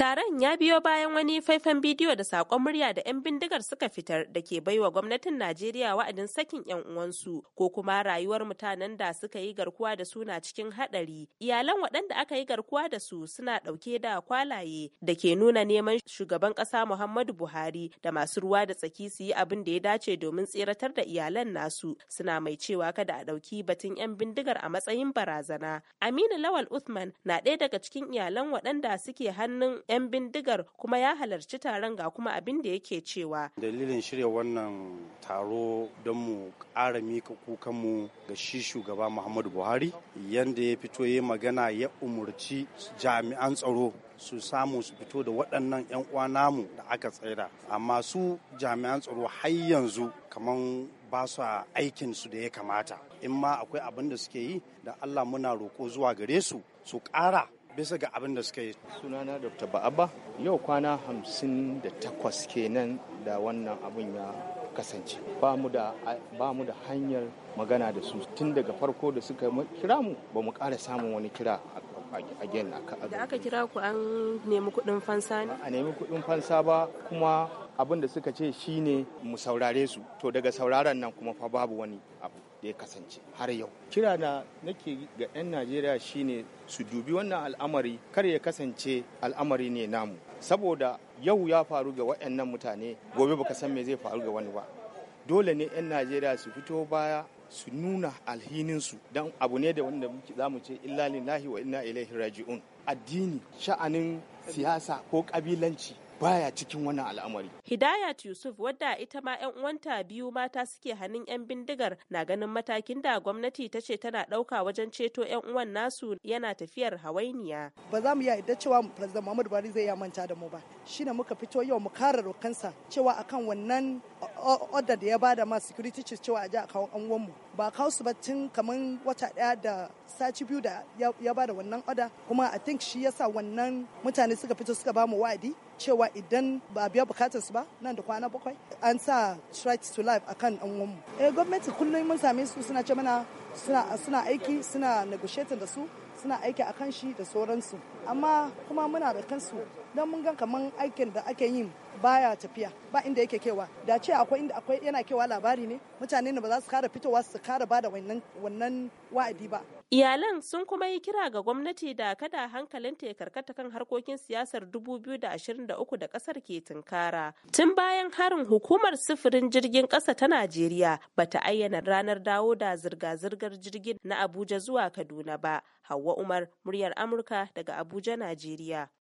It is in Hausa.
Taron ya biyo bayan wani faifan bidiyo da sakon murya da 'yan bindigar suka fitar da ke baiwa gwamnatin Najeriya wa'adin sakin 'yan uwansu ko kuma rayuwar mutanen da suka yi garkuwa da su na cikin haɗari. Iyalan waɗanda aka yi garkuwa da su suna ɗauke da kwalaye da ke nuna neman shugaban ƙasa Muhammadu Buhari da masu ruwa da tsaki su yi abin da ya dace domin tseratar da iyalan nasu suna mai cewa kada a ɗauki batun 'yan bindigar a matsayin barazana. Aminu Lawal Uthman na ɗaya daga cikin iyalan waɗanda suke hannun 'yan bindigar kuma ya halarci taron ga kuma abin da yake cewa. Dalilin shirya wannan taro don mu ƙara mika kukanmu ga shi shugaba Muhammadu Buhari yadda ya fito ya magana ya umurci jami'an tsaro su samu su fito da waɗannan 'yan uwa namu da aka tsira amma su jami'an tsaro har yanzu kamar ba su aikin su da ya kamata in ma akwai abin da suke yi da allah muna roƙo zuwa gare su su ƙara bisa ga abin da suka yi. Sunana Dr. Ba'aba yau kwana hamsin da takwas kenan da wannan abin ya kasance ba mu da hanyar magana da su tun daga farko da suka kira mu ba mu ƙara samun wani kira a again da aka kira ku an nemi kuɗin fansa ne a nemi kuɗin fansa ba kuma abin da suka ce shine mu saurare su to daga sauraron nan kuma fa babu wani abu da ya kasance har yau kira na nake ga 'yan najeriya shine su dubi wannan al'amari kar ya kasance al'amari ne namu saboda yau ya faru ga waɗannan mutane gobe baka san me zai faru ga wani ba dole ne 'yan najeriya su fito baya su nuna alhininsu don abu ne da wanda za mu ce illa lillahi wa inna ilaihi raji'un addini sha'anin siyasa ko kabilanci baya cikin wannan al'amari. Hidayat Yusuf wadda ita ma 'yan uwanta biyu mata suke hannun 'yan bindigar na ganin matakin da gwamnati ta ce tana ɗauka wajen ceto 'yan uwan nasu yana tafiyar hawainiya. Ba za mu yarda cewa President Muhammadu Buhari zai ya manta da mu ba. Shi muka fito yau mu kare kansa cewa akan wannan order da ya bada ma security chief cewa a ji a kawo mu ba kawo su ba tun kamar wata daya da sati biyu da ya ba da wannan order kuma a think shi yasa wannan mutane suka fito suka ba mu wa'adi cewa idan ba biya bukatar su ba nan da kwana bakwai an sa right to life akan an mu eh gwamnati kullum mun same su suna ce mana suna aiki suna negotiating da su suna aiki a kan shi da sauransu amma kuma muna da kansu don mun gan kaman aikin da ake yin baya tafiya ba inda yake kewa da ce akwai inda akwai yana kewa labari ne mutane ne ba za su kara fitowa su kara bada wannan wannan wa'adi ba iyalan sun kuma yi kira ga gwamnati da kada hankalin ya karkata kan harkokin siyasar 2023 da kasar ke tunkara tun bayan harin hukumar sufurin jirgin kasa ta najeriya bata ayyana ranar dawo da zirga-zirgar jirgin na abuja zuwa kaduna ba hawa umar muryar amurka daga abuja najeriya